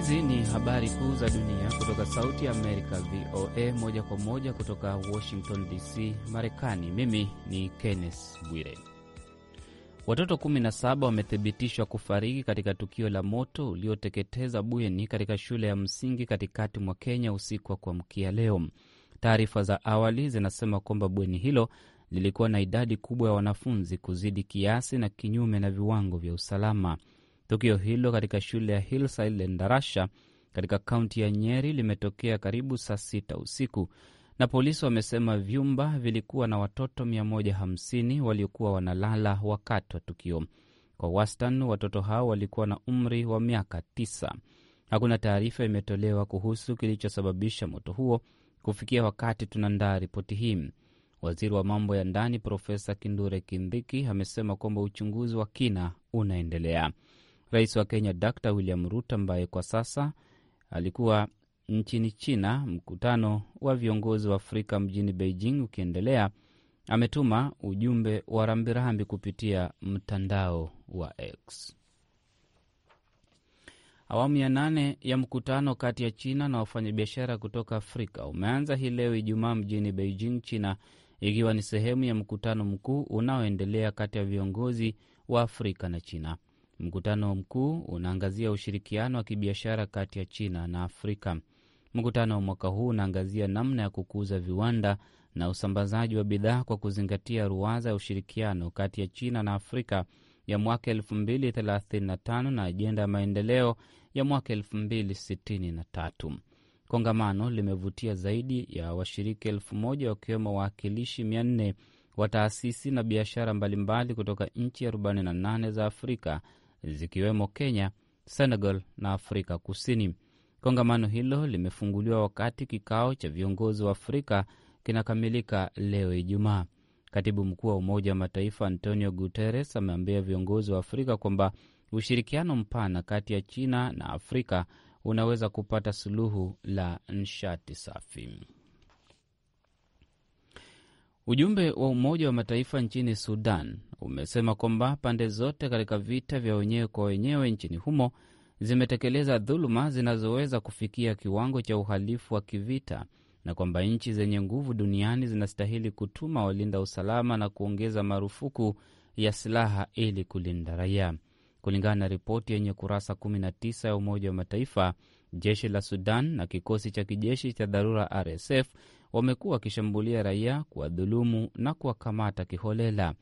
Hizi ni habari kuu za dunia kutoka Sauti ya Amerika, VOA, moja kwa moja kutoka Washington DC, Marekani. Mimi ni Kenneth Bwire. Watoto 17 wamethibitishwa kufariki katika tukio la moto ulioteketeza bweni katika shule ya msingi katikati mwa Kenya usiku wa kuamkia leo. Taarifa za awali zinasema kwamba bweni hilo lilikuwa na idadi kubwa ya wanafunzi kuzidi kiasi na kinyume na viwango vya usalama. Tukio hilo katika shule ya Hillside Lendarasha katika kaunti ya Nyeri limetokea karibu saa sita usiku, na polisi wamesema vyumba vilikuwa na watoto 150 waliokuwa wanalala wakati wa tukio. Kwa wastani watoto hao walikuwa na umri wa miaka tisa. Hakuna taarifa imetolewa kuhusu kilichosababisha moto huo kufikia wakati tunaandaa ripoti hii. Waziri wa mambo ya ndani Profesa Kindure Kindhiki amesema kwamba uchunguzi wa kina unaendelea. Rais wa Kenya Dr William Ruto ambaye kwa sasa alikuwa nchini China, mkutano wa viongozi wa Afrika mjini Beijing ukiendelea, ametuma ujumbe wa rambirambi kupitia mtandao wa X. Awamu ya nane ya mkutano kati ya China na wafanyabiashara kutoka Afrika umeanza hii leo Ijumaa mjini Beijing, China, ikiwa ni sehemu ya mkutano mkuu unaoendelea kati ya viongozi wa Afrika na China. Mkutano mkuu unaangazia ushirikiano wa kibiashara kati ya China na Afrika. Mkutano wa mwaka huu unaangazia namna ya kukuza viwanda na usambazaji wa bidhaa kwa kuzingatia ruwaza ya ushirikiano kati ya China na Afrika ya mwaka 2035 na ajenda ya maendeleo ya mwaka 2063. Kongamano limevutia zaidi ya washiriki elfu moja wakiwemo wawakilishi 400 wa taasisi na biashara mbalimbali kutoka nchi 48 za Afrika zikiwemo Kenya, Senegal na Afrika Kusini. Kongamano hilo limefunguliwa wakati kikao cha viongozi wa Afrika kinakamilika leo Ijumaa. Katibu mkuu wa Umoja wa Mataifa Antonio Guterres ameambia viongozi wa Afrika kwamba ushirikiano mpana kati ya China na Afrika unaweza kupata suluhu la nishati safi. Ujumbe wa Umoja wa Mataifa nchini Sudan umesema kwamba pande zote katika vita vya wenyewe kwa wenyewe nchini humo zimetekeleza dhuluma zinazoweza kufikia kiwango cha uhalifu wa kivita na kwamba nchi zenye nguvu duniani zinastahili kutuma walinda usalama na kuongeza marufuku ya silaha ili kulinda raia. Kulingana na ripoti yenye kurasa 19 ya Umoja wa Mataifa, jeshi la Sudan na kikosi cha kijeshi cha dharura RSF wamekuwa wakishambulia raia, kuwadhulumu na kuwakamata kiholela.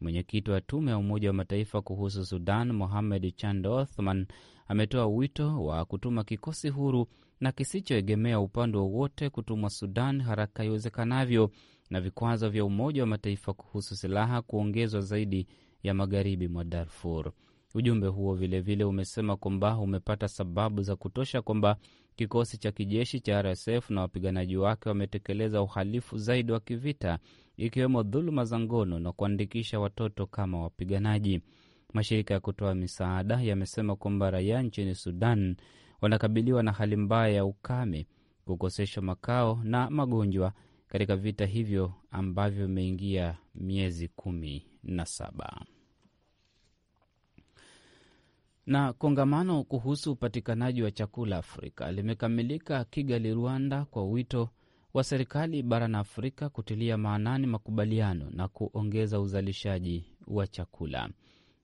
Mwenyekiti wa tume ya Umoja wa Mataifa kuhusu Sudan, Mohamed Chando Othman, ametoa wito wa kutuma kikosi huru na kisichoegemea upande wowote kutumwa Sudan haraka iwezekanavyo na vikwazo vya Umoja wa Mataifa kuhusu silaha kuongezwa zaidi ya magharibi mwa Darfur. Ujumbe huo vilevile vile umesema kwamba umepata sababu za kutosha kwamba kikosi cha kijeshi cha RSF na wapiganaji wake wametekeleza uhalifu zaidi wa kivita ikiwemo dhuluma za ngono na kuandikisha watoto kama wapiganaji. Mashirika ya kutoa misaada yamesema kwamba raia nchini Sudan wanakabiliwa na hali mbaya ya ukame, kukoseshwa makao na magonjwa katika vita hivyo ambavyo vimeingia miezi kumi na saba. Na kongamano kuhusu upatikanaji wa chakula Afrika limekamilika Kigali, Rwanda, kwa wito wa serikali barani Afrika kutilia maanani makubaliano na kuongeza uzalishaji wa chakula.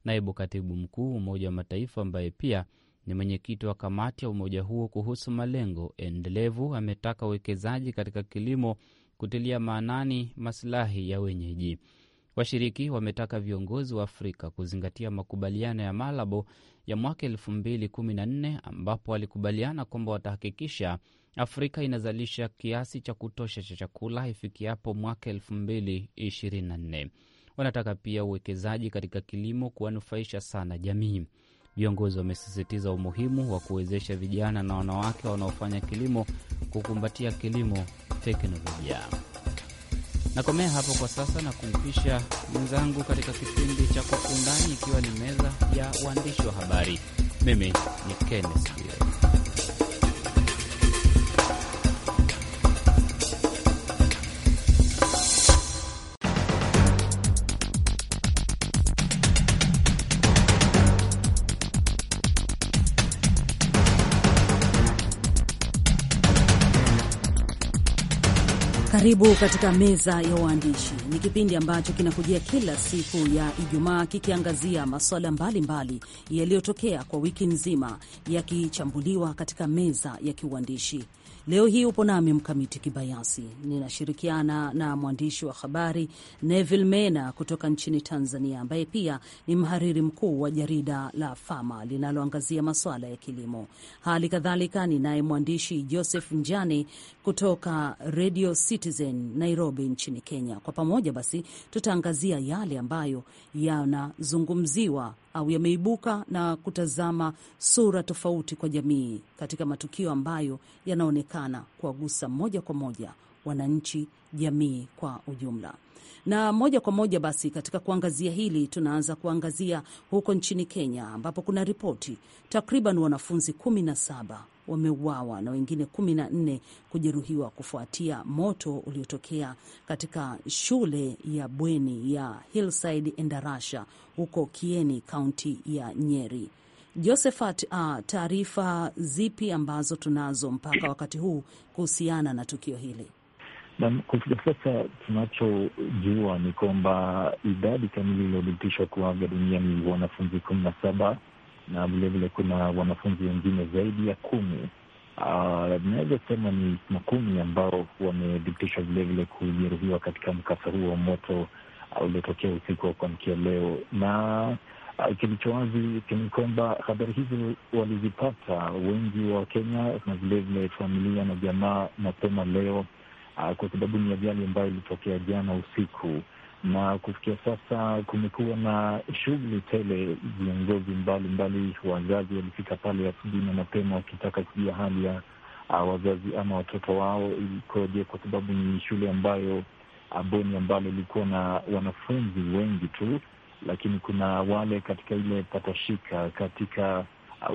Naibu katibu mkuu Umoja wa Mataifa ambaye pia ni mwenyekiti wa kamati ya umoja huo kuhusu malengo endelevu ametaka uwekezaji katika kilimo kutilia maanani masilahi ya wenyeji. Washiriki wametaka viongozi wa Afrika kuzingatia makubaliano ya Malabo ya mwaka 214 ambapo walikubaliana kwamba watahakikisha Afrika inazalisha kiasi cha kutosha cha chakula ifikiapo mwaka elfu mbili ishirini na nne. Wanataka pia uwekezaji katika kilimo kuwanufaisha sana jamii. Viongozi wamesisitiza umuhimu wa kuwezesha vijana na wanawake wanaofanya kilimo kukumbatia kilimo teknolojia. Nakomea hapo kwa sasa na kumpisha mwenzangu katika kipindi cha Kwa Undani, ikiwa ni meza ya waandishi wa habari. Mimi ni Kenneth. Karibu katika meza ya waandishi. Ni kipindi ambacho kinakujia kila siku ya Ijumaa kikiangazia masuala mbalimbali yaliyotokea kwa wiki nzima yakichambuliwa katika meza ya kiuandishi. Leo hii upo nami Mkamiti Kibayasi, ninashirikiana na mwandishi wa habari Neville Mena kutoka nchini Tanzania, ambaye pia ni mhariri mkuu wa jarida la Fama linaloangazia masuala ya kilimo. Hali kadhalika ninaye mwandishi Joseph Njani kutoka Radio Citizen Nairobi nchini Kenya. Kwa pamoja basi tutaangazia yale ambayo yanazungumziwa au yameibuka na kutazama sura tofauti kwa jamii katika matukio ambayo yanaonekana kuwagusa moja kwa moja wananchi, jamii kwa ujumla. Na moja kwa moja basi, katika kuangazia hili, tunaanza kuangazia huko nchini Kenya ambapo kuna ripoti takriban wanafunzi kumi na saba wameuawa na wengine kumi na nne kujeruhiwa kufuatia moto uliotokea katika shule ya bweni ya Hillside Endarasha huko Kieni, kaunti ya Nyeri. Josephat, uh, taarifa zipi ambazo tunazo mpaka wakati huu kuhusiana na tukio hili? Kufika sasa tunachojua ni kwamba idadi kamili iliyodhibitishwa kuaga dunia ni wanafunzi kumi na saba na vilevile kuna wanafunzi wengine zaidi ya kumi Uh, ah, kusema sema ni makumi ambao wamedhibitishwa vilevile kujeruhiwa katika mkasa huo wa moto ah, uliotokea usiku wa kuamkia leo, na uh, ah, kilicho wazi ni kwamba habari hizi walizipata wengi wa Kenya na vilevile familia na jamaa mapema leo uh, kwa sababu ni ajali ambayo ilitokea jana usiku na kufikia sasa kumekuwa na shughuli tele. Viongozi mbalimbali wazazi walifika pale asubuhi na mapema wakitaka kujua hali ya wazazi ama watoto wao ikoje, kwa sababu ni shule ambayo bweni ambalo ilikuwa na wanafunzi wengi tu, lakini kuna wale katika ile patashika katika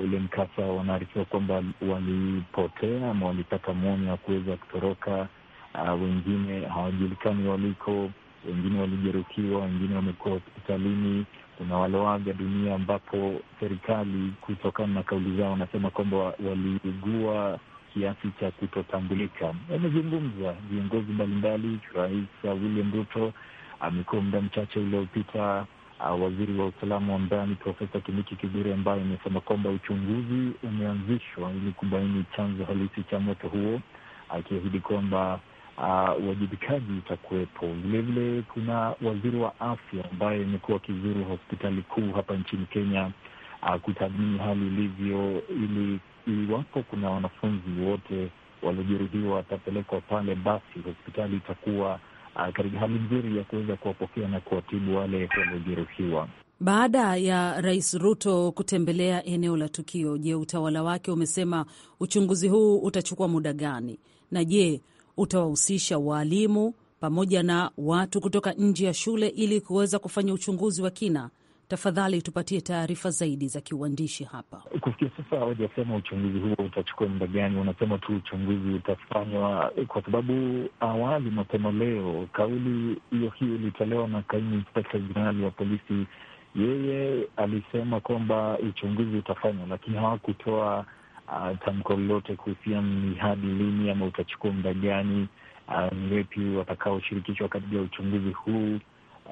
ule mkasa wanaarifiwa kwamba walipotea ama walipata mwonyo wa kuweza kutoroka. Uh, wengine hawajulikani waliko wengine walijeruhiwa, wengine wamekuwa hospitalini. Kuna walioaga dunia, ambapo serikali kutokana na kauli zao wanasema kwamba waliugua kiasi cha kutotambulika. Wamezungumza viongozi mbalimbali. Rais William Ruto amekuwa muda mchache uliopita Uh, waziri wa usalama wa ndani Profesa Kindiki Kithure ambaye amesema kwamba uchunguzi umeanzishwa ili kubaini chanzo halisi cha moto huo, akiahidi kwamba Ah, uwajibikaji uh, utakuwepo. Vilevile kuna waziri wa afya ambaye amekuwa akizuru hospitali kuu hapa nchini Kenya uh, kutathmini hali ilivyo, ili iwapo kuna wanafunzi wote waliojeruhiwa watapelekwa pale, basi hospitali itakuwa uh, ah, katika hali nzuri ya kuweza kuwapokea na kuwatibu wale waliojeruhiwa. Baada ya Rais Ruto kutembelea eneo la tukio, je, utawala wake umesema uchunguzi huu utachukua muda gani? Na je utawahusisha waalimu pamoja na watu kutoka nje ya shule ili kuweza kufanya uchunguzi wa kina. Tafadhali tupatie taarifa zaidi za kiuandishi hapa. Kufikia sasa hawajasema uchunguzi huo utachukua muda gani, wanasema tu uchunguzi utafanywa, kwa sababu awali mapema leo kauli hiyo hiyo ilitolewa na kaimu inspekta jenerali wa polisi. Yeye alisema kwamba uchunguzi utafanywa, lakini hawakutoa uh, tamko lolote kuhusiana ni hadi lini ama utachukua muda gani, uh, ni wepi watakaoshirikishwa katika uchunguzi huu.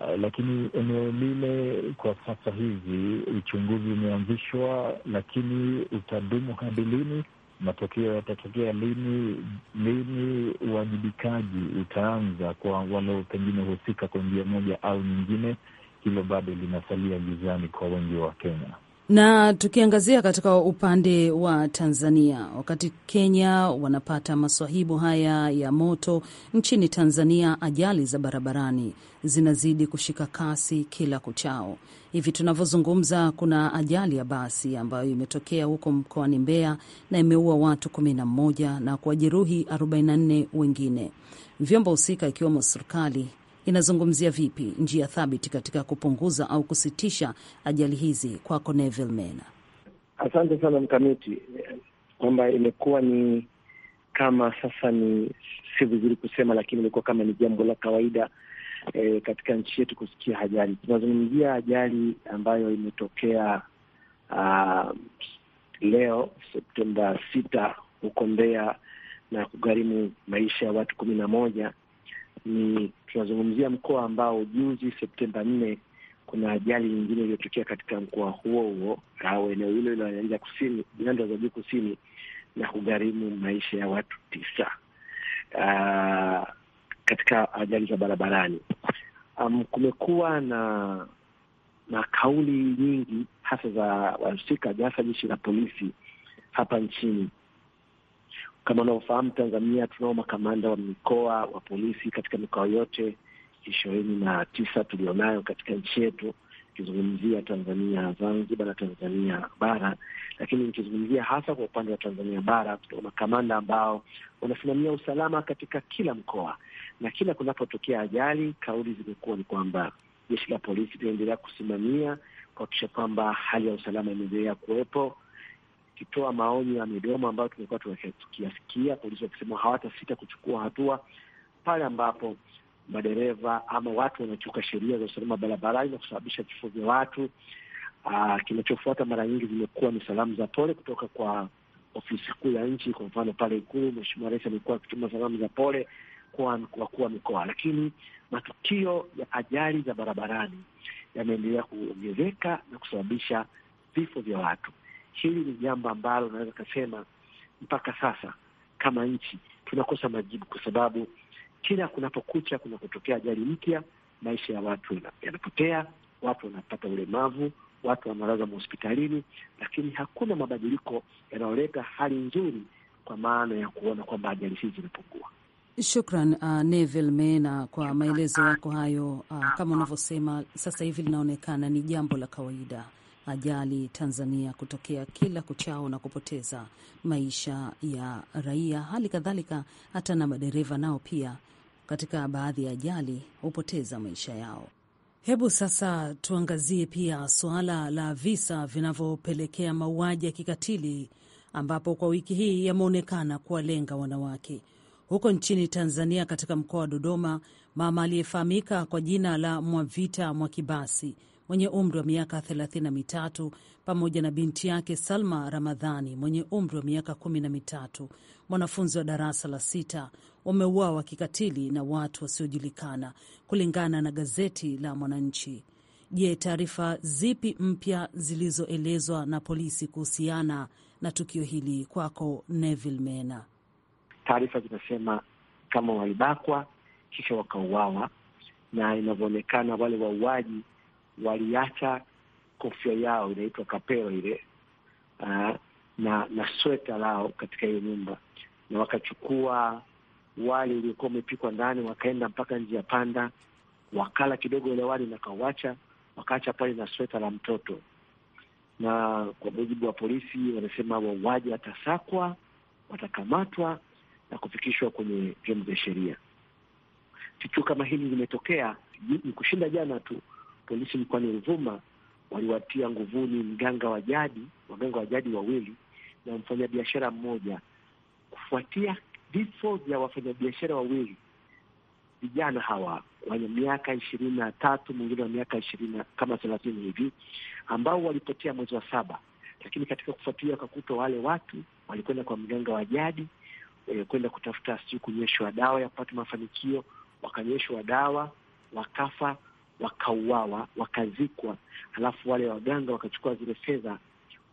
Uh, lakini eneo lile kwa sasa hivi uchunguzi umeanzishwa, lakini utadumu hadi lini? Matokeo yatatokea lini? Lini uwajibikaji utaanza kwa wale pengine husika kwa njia moja au nyingine? Hilo bado linasalia gizani kwa wengi wa Kenya. Na tukiangazia katika upande wa Tanzania, wakati Kenya wanapata maswahibu haya ya moto, nchini Tanzania ajali za barabarani zinazidi kushika kasi kila kuchao. Hivi tunavyozungumza, kuna ajali ya basi ambayo imetokea huko mkoani Mbeya na imeua watu 11 na kuwajeruhi 44 wengine. Vyombo husika ikiwemo serikali inazungumzia vipi njia thabiti katika kupunguza au kusitisha ajali hizi? Kwako Neville Mena. Asante sana mkamiti, kwamba imekuwa ni kama sasa ni si vizuri kusema, lakini imekuwa kama ni jambo la kawaida e, katika nchi yetu kusikia ajali. Tunazungumzia ajali ambayo imetokea uh, leo Septemba sita huko Mbeya na kugharimu maisha ya watu kumi na moja ni tunazungumzia mkoa ambao juzi Septemba nne kuna ajali nyingine iliyotokea katika mkoa huo huo au eneo hilo hilo Nyanda Kusini, nyanda za juu kusini, na kugharimu maisha ya watu tisa uh, katika ajali za barabarani. Um, kumekuwa na na kauli nyingi hasa za wahusika hasa jeshi la polisi hapa nchini kama unavyofahamu, Tanzania tunao makamanda wa mikoa wa polisi katika mikoa yote ishirini na tisa tulionayo katika nchi yetu, ikizungumzia Tanzania Zanzibar na Tanzania bara. Lakini nikizungumzia hasa kwa upande wa Tanzania bara, tuna makamanda ambao wanasimamia usalama katika kila mkoa, na kila kunapotokea ajali, kauli zimekuwa ni kwamba jeshi la polisi linaendelea kusimamia kuhakikisha kwamba hali ya usalama imeendelea kuwepo wakitoa maoni ya midomo ambayo tumekuwa tukiyasikia polisi wakisema hawatasita kuchukua hatua pale ambapo madereva ama watu wanachuka sheria za usalama barabarani na kusababisha vifo vya watu. Ah, kinachofuata mara nyingi zimekuwa ni salamu za pole kutoka kwa ofisi kuu ya nchi. Kwa mfano pale Ikulu, Mheshimiwa Rais amekuwa akituma salamu za pole kwa wakuu wa mikoa, lakini matukio ya ajali za barabarani yameendelea kuongezeka na kusababisha vifo vya watu hili ni jambo ambalo unaweza kasema mpaka sasa kama nchi tunakosa majibu, kwa sababu kila kunapokucha kunakotokea ajali mpya, maisha ya watu yanapotea, watu wanapata ulemavu, watu wanalaza mahospitalini, lakini hakuna mabadiliko yanayoleta hali nzuri kwa maana ya kuona kwamba ajali hizi zinapungua. Shukran uh, Neville Mena kwa maelezo yako hayo. Uh, kama unavyosema sasa hivi linaonekana ni jambo la kawaida ajali Tanzania kutokea kila kuchao na kupoteza maisha ya raia, hali kadhalika hata na madereva nao pia katika baadhi ya ajali hupoteza maisha yao. Hebu sasa tuangazie pia suala la visa vinavyopelekea mauaji ya kikatili ambapo kwa wiki hii yameonekana kuwalenga wanawake huko nchini Tanzania. Katika mkoa wa Dodoma, mama aliyefahamika kwa jina la Mwavita Mwakibasi mwenye umri wa miaka 33 pamoja na binti yake Salma Ramadhani mwenye umri wa miaka kumi na mitatu, mwanafunzi wa darasa la sita, wameuawa kikatili na watu wasiojulikana, kulingana na gazeti la Mwananchi. Je, taarifa zipi mpya zilizoelezwa na polisi kuhusiana na tukio hili? Kwako Neville Mena. Taarifa zinasema kama walibakwa kisha wakauawa, na inavyoonekana wale wauaji waliacha kofia yao inaitwa kapero ile uh, na na sweta lao katika hiyo nyumba, na wakachukua wali uliokuwa umepikwa ndani, wakaenda mpaka njia panda, wakala kidogo ile wali na kauacha, wakaacha pale na sweta la mtoto. Na kwa mujibu wa polisi, wanasema wauaji watasakwa, watakamatwa na kufikishwa kwenye vyombo vya sheria. Tukio kama hili limetokea ni kushinda jana tu polisi mkoani Ruvuma waliwatia nguvuni mganga wa jadi, waganga wa jadi wawili na mfanyabiashara mmoja, kufuatia vifo vya wafanyabiashara wawili vijana hawa wenye miaka ishirini na tatu mwingine wa miaka ishirini kama thelathini hivi ambao walipotea mwezi wa saba, lakini katika kufuatilia wakakuta wale watu walikwenda kwa mganga wa jadi eh, kwenda kutafuta sijui kunyeshwa dawa ya kupata mafanikio, wakanyeshwa dawa wakafa wakauawa, wakazikwa, halafu wale waganga wakachukua zile fedha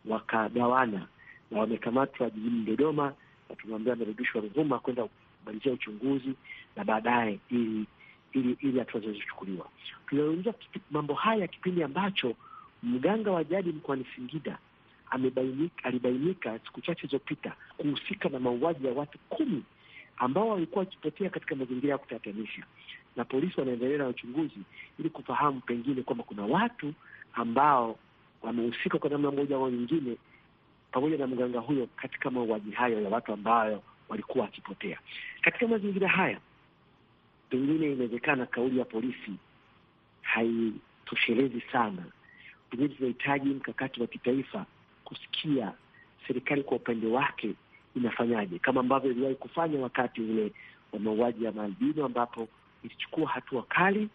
wakagawana, na wamekamatwa jijini Dodoma na tumeambia amerudishwa Ruvuma kwenda kumalizia uchunguzi na baadaye ili ili ili hatua zilizochukuliwa. Tunazungumza mambo haya kipindi ambacho mganga wa jadi mkoani Singida amebainika, alibainika siku chache zilizopita kuhusika na mauaji ya watu kumi ambao walikuwa wakipotea katika mazingira ya kutatanisha na polisi wanaendelea na uchunguzi ili kufahamu pengine kwamba kuna watu ambao wamehusika kwa namna moja au nyingine, pamoja na mganga huyo, katika mauaji hayo ya watu ambayo walikuwa wakipotea. Katika mazingira haya, pengine inawezekana kauli ya polisi haitoshelezi sana. Pengine tunahitaji mkakati wa kitaifa kusikia serikali kwa upande wake inafanyaje, kama ambavyo iliwahi kufanya wakati ule wa mauaji ya maalbino ambapo ilichukua hatua kali,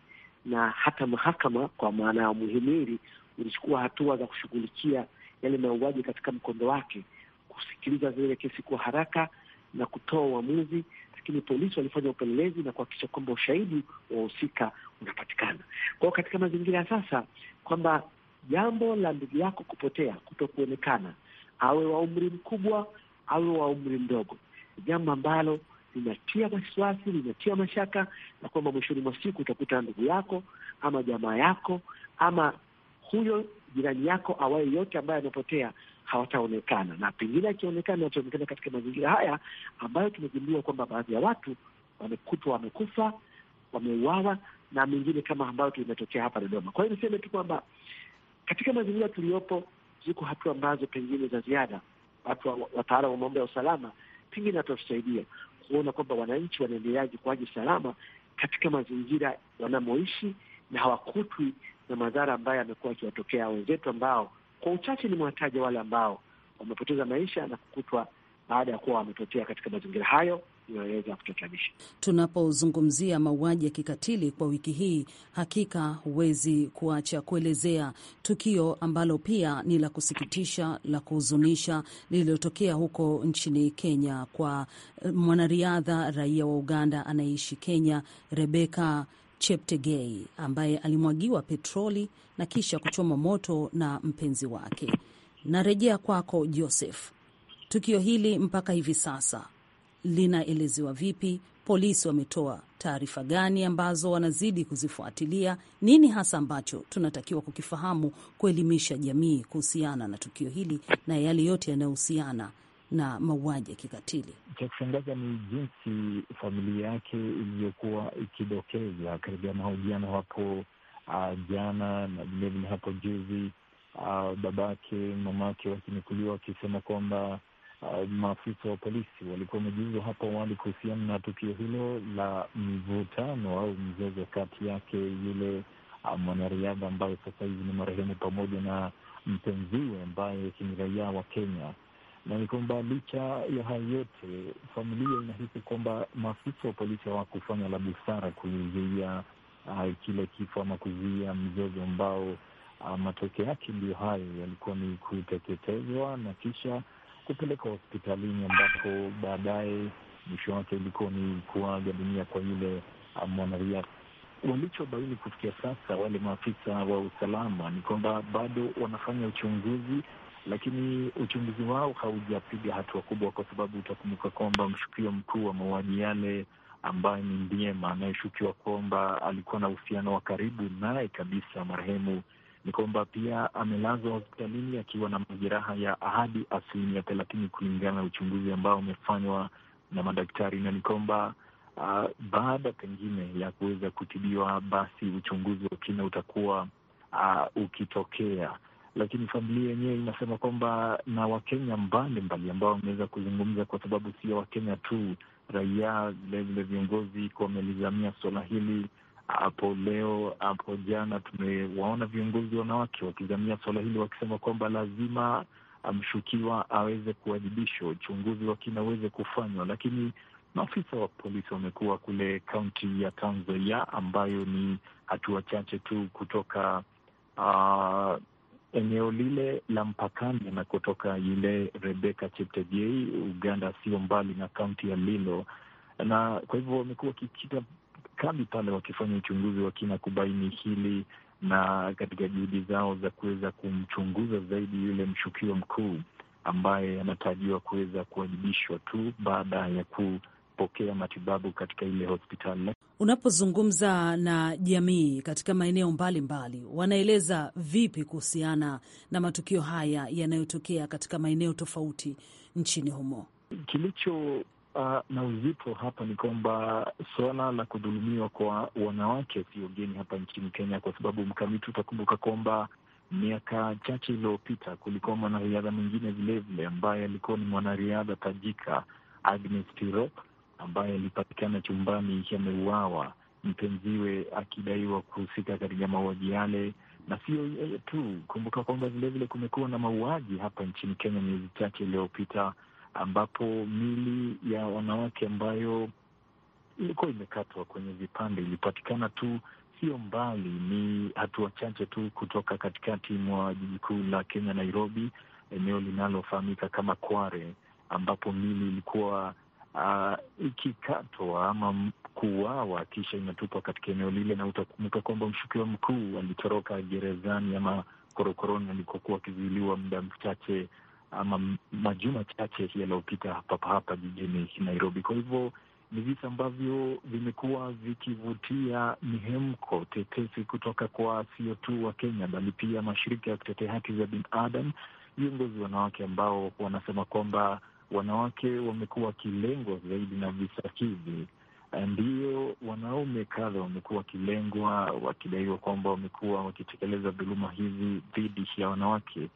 na hata mahakama kwa maana ya muhimili ulichukua hatua za kushughulikia yale mauaji katika mkondo wake, kusikiliza zile kesi kwa haraka na kutoa uamuzi. Lakini polisi walifanya upelelezi na kuhakikisha kwamba ushahidi wa wahusika unapatikana. kwao. katika mazingira ya sasa kwamba jambo la ndugu yako kupotea, kuto kuonekana awe wa umri mkubwa, awe wa umri mdogo, jambo ambalo linatia wasiwasi, linatia mashaka, na kwamba mwishoni mwa siku utakuta ndugu yako ama jamaa yako ama huyo jirani yako awaye yote ambaye amepotea hawataonekana, na pengine akionekana ataonekana katika mazingira haya ambayo tumegundua kwamba baadhi ya watu wamekutwa wamekufa, wameuawa na mengine kama ambayo tumetokea hapa Dodoma. Kwa hiyo niseme tu kwamba katika mazingira tuliyopo, ziko hatua ambazo pengine za ziada watu wataalam wa mambo ya usalama pengine watatusaidia kuona kwamba wananchi wanaendeleaje kuaje salama katika mazingira wanamoishi na hawakutwi na madhara ambayo yamekuwa akiwatokea wenzetu ambao kwa uchache mwataja wale ambao wamepoteza maisha na kukutwa baada ya kuwa wametokea katika mazingira hayo yasiyoweza kutatanisha. Tunapozungumzia mauaji ya kikatili kwa wiki hii, hakika huwezi kuacha kuelezea tukio ambalo pia ni la kusikitisha, la kuhuzunisha lililotokea huko nchini Kenya kwa eh, mwanariadha raia wa Uganda anayeishi Kenya, Rebeka Cheptegei ambaye alimwagiwa petroli na kisha kuchoma moto na mpenzi wake. Narejea kwako Joseph, tukio hili mpaka hivi sasa linaelezewa vipi? Polisi wametoa taarifa gani ambazo wanazidi kuzifuatilia? Nini hasa ambacho tunatakiwa kukifahamu kuelimisha jamii kuhusiana na tukio hili na yale yote yanayohusiana na mauaji ya kikatili. Cha kushangaza ni jinsi familia yake iliyokuwa ikidokeza katika mahojiano hapo uh, jana na vilevile hapo juzi, uh, babake mamake wakinukuliwa wakisema kwamba uh, maafisa wa polisi walikuwa wamejiuzwa hapo awali kuhusiana na tukio hilo la mvutano au mzozo kati yake yule uh, mwanariadha ambaye sasa hivi ni marehemu pamoja na mpenziwe ambaye ni raia wa Kenya na ni kwamba licha ya haya yote, familia inahisi kwamba maafisa wa polisi hawakufanya la busara kuzuia uh, kile kifo ama kuzuia mzozo ambao uh, matokeo yake ndio hayo yalikuwa ni kuteketezwa na kisha kupeleka hospitalini, ambapo baadaye mwisho wake ilikuwa ni kuaga dunia kwa yule uh, mwanariadha. Walichobaini kufikia sasa wale maafisa wa usalama ni kwamba bado wanafanya uchunguzi, lakini uchunguzi wao haujapiga hatua kubwa, kwa sababu utakumbuka kwamba mshukio mkuu wa mauaji yale ambaye ni Ndiema anayeshukiwa kwamba alikuwa na uhusiano wa karibu naye kabisa marehemu ni kwamba pia amelazwa hospitalini akiwa na majeraha ya ahadi asilimia thelathini kulingana na uchunguzi ambao umefanywa na madaktari, na ni kwamba uh, baada pengine ya kuweza kutibiwa, basi uchunguzi wa kina utakuwa uh, ukitokea. Lakini familia yenyewe inasema kwamba na Wakenya mbalimbali ambao wameweza kuzungumza, kwa sababu sio Wakenya tu, raia vilevile, viongozi wamelizamia suala hili hapo leo hapo jana tumewaona viongozi wanawake wakizamia suala hili wakisema kwamba lazima um, mshukiwa aweze kuwajibishwa, uchunguzi wa kina aweze kufanywa. Lakini maafisa wa polisi wamekuwa kule kaunti ya Trans Nzoia ambayo ni hatua chache tu kutoka uh, eneo lile la mpakani na kutoka yule Rebeka Cheptegei Uganda, sio mbali na kaunti ya Lilo, na kwa hivyo wamekuwa wakikita serikali pale wakifanya uchunguzi wa kina kubaini hili, na katika juhudi zao za kuweza kumchunguza zaidi yule mshukiwa mkuu ambaye anatarajiwa kuweza kuwajibishwa tu baada ya kupokea matibabu katika ile hospitali. Unapozungumza na jamii katika maeneo mbalimbali, wanaeleza vipi kuhusiana na matukio haya yanayotokea katika maeneo tofauti nchini humo? Kilicho Uh, na uzito hapa ni kwamba suala la kudhulumiwa kwa wanawake sio geni hapa nchini Kenya, kwa sababu mkamiti, utakumbuka kwamba miaka chache iliyopita kulikuwa mwanariadha mwingine vilevile ambaye alikuwa ni mwanariadha tajika Agnes Tirop ambaye alipatikana chumbani ameuawa, mpenziwe akidaiwa kuhusika katika mauaji yale. Na sio tu, kumbuka kwamba vilevile kumekuwa na mauaji hapa nchini Kenya miezi chache iliyopita ambapo mili ya wanawake ambayo ilikuwa imekatwa kwenye vipande ilipatikana tu sio mbali, ni hatua chache tu kutoka katikati mwa jiji kuu la Kenya, Nairobi, eneo linalofahamika kama Kware, ambapo mili ilikuwa uh, ikikatwa ama kuuawa kisha inatupwa katika eneo lile, na utakumbuka kwamba mshukiwa mkuu alitoroka gerezani ama korokoroni alikokuwa akizuiliwa muda mchache ama majuma chache yaliyopita hapa hapa jijini Nairobi. Kwa hivyo ni visa ambavyo vimekuwa vikivutia mihemko tetesi kutoka kwa sio tu wa Kenya bali pia mashirika ya kutetea haki za binadamu, viongozi wanawake ambao wanasema kwamba wanawake wamekuwa wakilengwa zaidi na visa hivi. Ndiyo, wanaume kadha wamekuwa wakilengwa, wakidaiwa kwamba wamekuwa wakitekeleza dhuluma hizi dhidi ya wanawake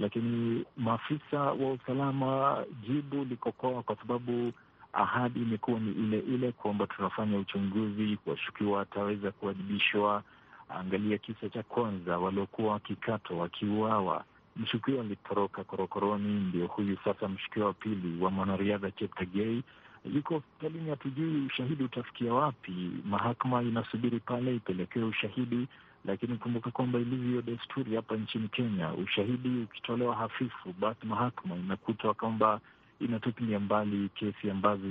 lakini maafisa wa usalama jibu likokoa, kwa sababu ahadi imekuwa ni ile ile kwamba tunafanya uchunguzi, washukiwa wataweza kuwajibishwa. Angalia kisa cha kwanza, waliokuwa wakikatwa wakiuawa, mshukiwa alitoroka korokoroni, ndio huyu sasa mshukiwa wa pili wa mwanariadha Cheptegei yuko hospitalini, hatujui ushahidi utafikia wapi. Mahakama inasubiri pale ipelekewe ushahidi lakini kumbuka kwamba ilivyo desturi hapa nchini Kenya, ushahidi ukitolewa hafifu, basi mahakama inakuta kwamba inatupilia mbali kesi ambazo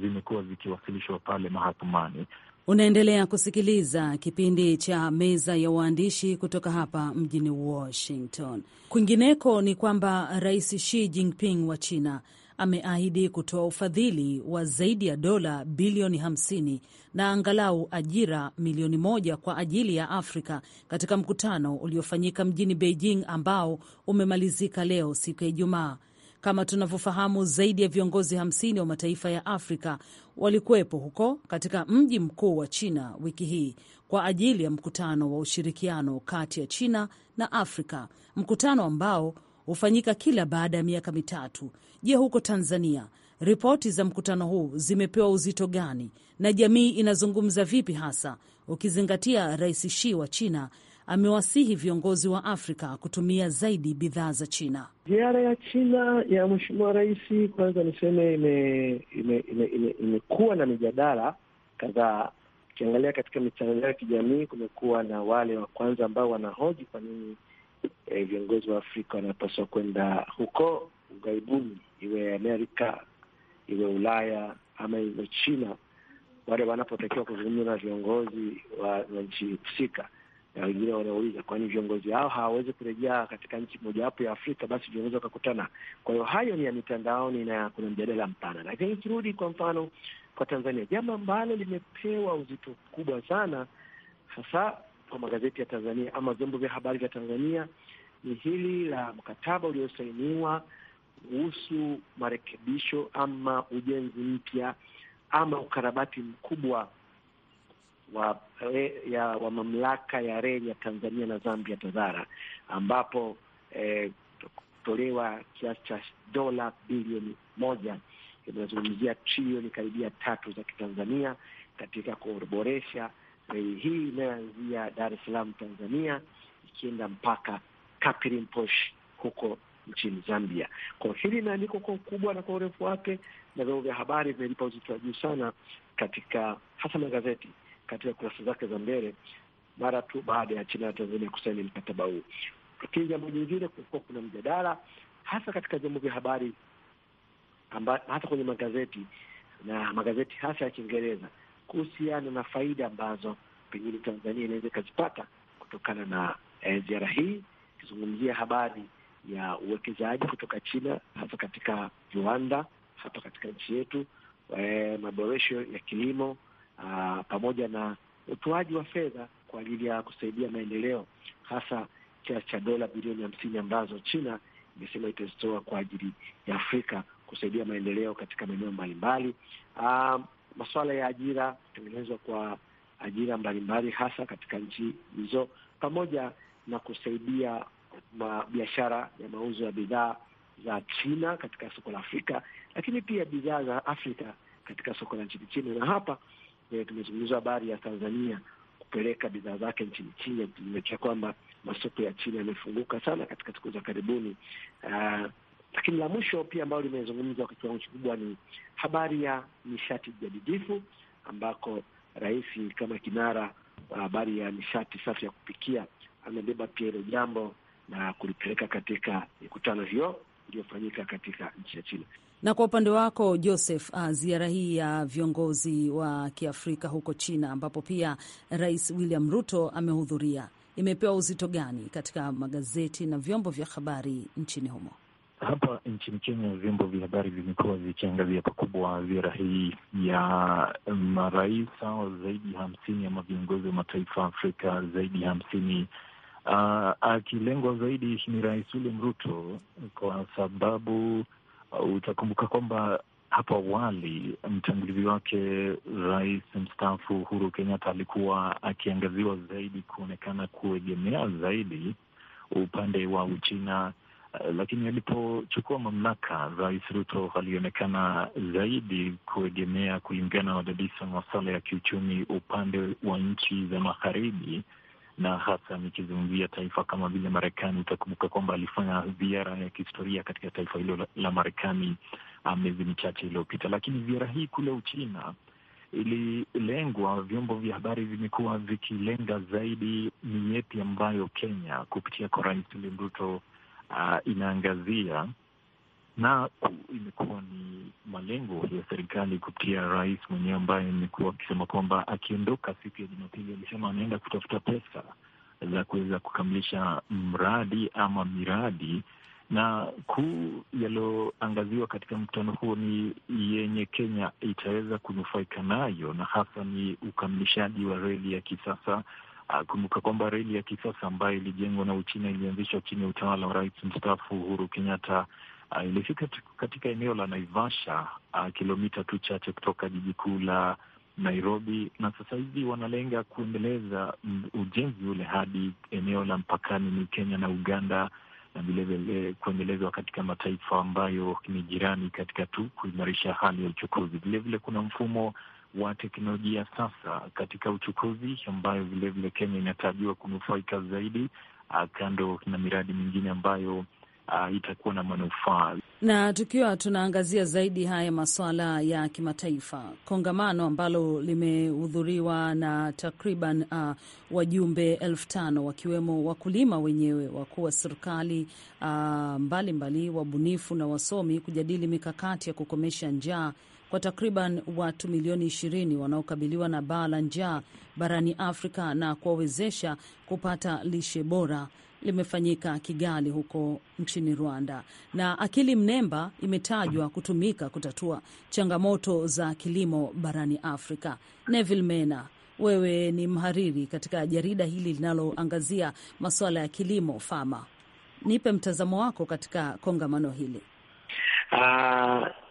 zimekuwa zikiwasilishwa pale mahakamani. Unaendelea kusikiliza kipindi cha meza ya waandishi kutoka hapa mjini Washington. Kwingineko ni kwamba Rais Xi Jinping wa China ameahidi kutoa ufadhili wa zaidi ya dola bilioni 50 na angalau ajira milioni moja kwa ajili ya Afrika katika mkutano uliofanyika mjini Beijing ambao umemalizika leo siku ya Ijumaa. Kama tunavyofahamu, zaidi ya viongozi 50 wa mataifa ya Afrika walikuwepo huko katika mji mkuu wa China wiki hii kwa ajili ya mkutano wa ushirikiano kati ya China na Afrika, mkutano ambao hufanyika kila baada ya miaka mitatu. Je, huko Tanzania ripoti za mkutano huu zimepewa uzito gani na jamii inazungumza vipi, hasa ukizingatia Rais Xi wa China amewasihi viongozi wa Afrika kutumia zaidi bidhaa za China. Ziara ya China ya mheshimiwa rais, kwanza niseme imekuwa ime, ime, ime, ime na mijadala kadhaa. Ukiangalia katika mitandao ya kijamii, kumekuwa na wale wa kwanza ambao wanahoji kwa nini eh, viongozi wa Afrika wanapaswa kwenda huko ughaibuni, iwe Amerika, iwe Ulaya ama iwe China, wale wanapotakiwa kuzungumza na viongozi wa nchi husika na wengine wanauliza kwani viongozi hao hawawezi kurejea katika nchi mojawapo ya Afrika? Basi viongozi wakakutana. Kwa hiyo hayo ni ya mitandaoni na kuna mjadala mpana, lakini kirudi kwa mfano kwa Tanzania, jambo ambalo limepewa uzito mkubwa sana hasa kwa magazeti ya Tanzania ama vyombo vya habari vya Tanzania ni hili la mkataba uliosainiwa kuhusu marekebisho ama ujenzi mpya ama ukarabati mkubwa wa, ya, wa mamlaka ya reli ya Tanzania na Zambia TAZARA ambapo eh, tolewa kiasi cha dola bilioni moja inazungumzia trilioni karibia tatu za Kitanzania katika kuboresha reli hii inayoanzia Dar es Salaam Tanzania ikienda mpaka Kapirimposh huko nchini Zambia. Kwa hili imeandikwa kwa ukubwa na kwa urefu wake, na vyombo vya habari vimelipa uzito wa juu sana katika hasa magazeti katika kurasa zake za mbele mara tu baada ya China na Tanzania kusaini mkataba huu. Lakini jambo jingine, kulikuwa kuna mjadala hasa katika vyombo vya habari amba, hasa kwenye magazeti na magazeti hasa ya Kiingereza kuhusiana na faida ambazo pengine Tanzania inaweza ikazipata kutokana na eh, ziara hii, ikizungumzia habari ya uwekezaji kutoka China hasa katika viwanda hapa katika nchi yetu, eh, maboresho ya kilimo ah, pamoja na utoaji wa fedha kwa ajili ya kusaidia maendeleo hasa kiasi cha dola bilioni hamsini ambazo China imesema itazitoa kwa ajili ya Afrika kusaidia maendeleo katika maeneo mbalimbali. Um, masuala ya ajira, kutengenezwa kwa ajira mbalimbali hasa katika nchi hizo, pamoja na kusaidia biashara ya mauzo ya bidhaa za China katika soko la Afrika, lakini pia bidhaa za Afrika katika soko la nchini China. Na hapa eh, tumezungumza habari ya Tanzania kupeleka bidhaa zake nchini China, licha kwamba masoko ya China yamefunguka sana katika siku za karibuni. Uh, lakini la mwisho pia ambalo limezungumzwa kwa kiwango kikubwa ni habari ya nishati jadidifu, ambako rais kama kinara wa habari ya nishati safi ya kupikia amebeba pia hilo jambo na kulipeleka katika mikutano hiyo iliyofanyika katika nchi ya China. Na kwa upande wako Joseph, uh, ziara hii ya viongozi wa Kiafrika huko China, ambapo pia Rais William Ruto amehudhuria, imepewa uzito gani katika magazeti na vyombo vya habari nchini humo? hapa nchini Kenya vyombo vya habari vimekuwa vikiangazia pakubwa ziara hii ya marais hawa zaidi hamsini ama viongozi wa mataifa ya Afrika zaidi ya hamsini. Uh, akilengwa zaidi ni Rais William Ruto kwa sababu uh, utakumbuka kwamba hapo awali mtangulizi wake rais mstaafu Uhuru Kenyatta alikuwa akiangaziwa zaidi kuonekana kuegemea zaidi upande wa Uchina Eh, lakini alipochukua mamlaka, Rais Ruto alionekana zaidi kuegemea, kulingana na wadadisi wa masuala ya kiuchumi, upande wa nchi za magharibi, na hasa nikizungumzia taifa kama vile Marekani. Utakumbuka kwamba alifanya ziara ya kihistoria katika taifa hilo la, la Marekani ah, miezi michache iliyopita, lakini ziara hii kule Uchina ililengwa. Vyombo vya habari vimekuwa vikilenga zaidi ni yepi ambayo Kenya kupitia kwa Rais William Ruto uh, inaangazia na imekuwa ni malengo ya serikali kupitia rais mwenyewe ambaye imekuwa akisema kwamba akiondoka siku ya Jumapili alisema anaenda kutafuta pesa za kuweza kukamilisha mradi ama miradi, na kuu yaliyoangaziwa katika mkutano huo ni yenye Kenya itaweza kunufaika nayo, na hasa ni ukamilishaji wa reli ya kisasa Ah, kumbuka kwamba reli ya kisasa ambayo ilijengwa na Uchina ilianzishwa chini ya utawala wa rais mstaafu Uhuru Kenyatta. Uh, ilifika katika eneo la Naivasha uh, kilomita tu chache kutoka jiji kuu la Nairobi, na sasa hivi wanalenga kuendeleza ujenzi ule hadi eneo la mpakani ni Kenya na Uganda, na vilevile kuendelezwa katika mataifa ambayo ni jirani, katika tu kuimarisha hali ya uchukuzi. Vilevile kuna mfumo wa teknolojia sasa katika uchukuzi, ambayo vilevile Kenya inatarajiwa kunufaika zaidi, ah, kando na miradi mingine ambayo Uh, itakuwa na manufaa. Na tukiwa tunaangazia zaidi haya masuala ya kimataifa, kongamano ambalo limehudhuriwa na takriban uh, wajumbe elfu tano wakiwemo wakulima wenyewe, wakuu wa serikali uh, mbalimbali, wabunifu na wasomi, kujadili mikakati ya kukomesha njaa kwa takriban watu milioni 20 wanaokabiliwa na baa la njaa barani Afrika na kuwawezesha kupata lishe bora limefanyika Kigali huko nchini Rwanda, na akili mnemba imetajwa kutumika kutatua changamoto za kilimo barani Afrika. Neville Mena, wewe ni mhariri katika jarida hili linaloangazia masuala ya kilimo Fama, nipe mtazamo wako katika kongamano hili. Uh,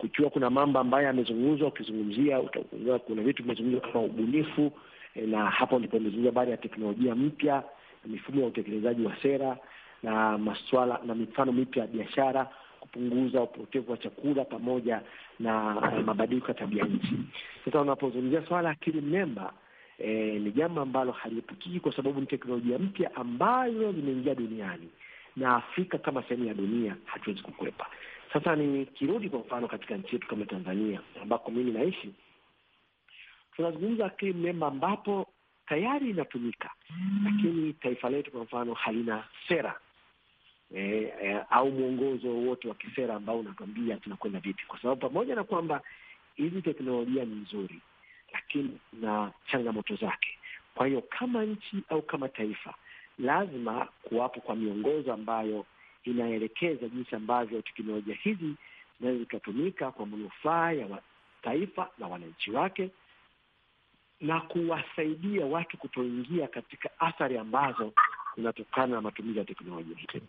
kukiwa kuna mambo ambayo yamezungumzwa, ukizungumzia utakuwa kuna vitu vimezungumzwa kama ubunifu, eh, na hapo ndipo imezungumzwa baada ya teknolojia mpya, mifumo ya utekelezaji wa sera na maswala na mifano mipya ya biashara, kupunguza upotevu wa chakula pamoja na eh, mabadiliko ya tabia nchi. Sasa unapozungumzia swala la akili mnemba e, ni jambo ambalo haliepukiki kwa sababu ni teknolojia mpya ambayo zimeingia duniani na Afrika kama sehemu ya dunia hatuwezi kukwepa. Sasa nikirudi kwa mfano katika nchi yetu kama Tanzania ambako mimi naishi, tunazungumza akili mnemba ambapo tayari inatumika mm, lakini taifa letu kwa mfano halina sera e, e, au mwongozo wowote wa kisera ambao unatuambia tunakwenda vipi, kwa sababu pamoja na kwamba hizi teknolojia ni nzuri, lakini na changamoto zake. Kwa hiyo kama nchi au kama taifa lazima kuwapo kwa miongozo ambayo inaelekeza jinsi ambavyo teknolojia hizi zinaweza zikatumika kwa manufaa ya taifa na wananchi wake na kuwasaidia watu kutoingia katika athari ambazo zinatokana na matumizi ya teknolojia hii.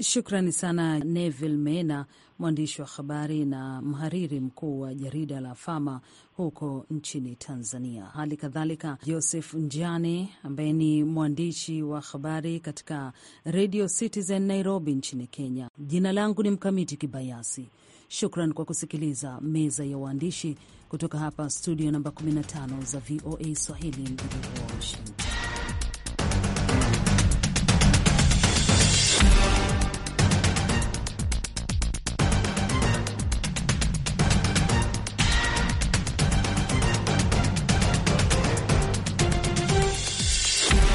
Shukrani sana Neville Mena, mwandishi wa habari na mhariri mkuu wa jarida la Fama huko nchini Tanzania. Hali kadhalika Joseph Njane ambaye ni mwandishi wa habari katika Radio Citizen Nairobi nchini Kenya. Jina langu ni Mkamiti Kibayasi. Shukran kwa kusikiliza meza ya waandishi kutoka hapa studio namba 15 za VOA Swahili mjini Washington.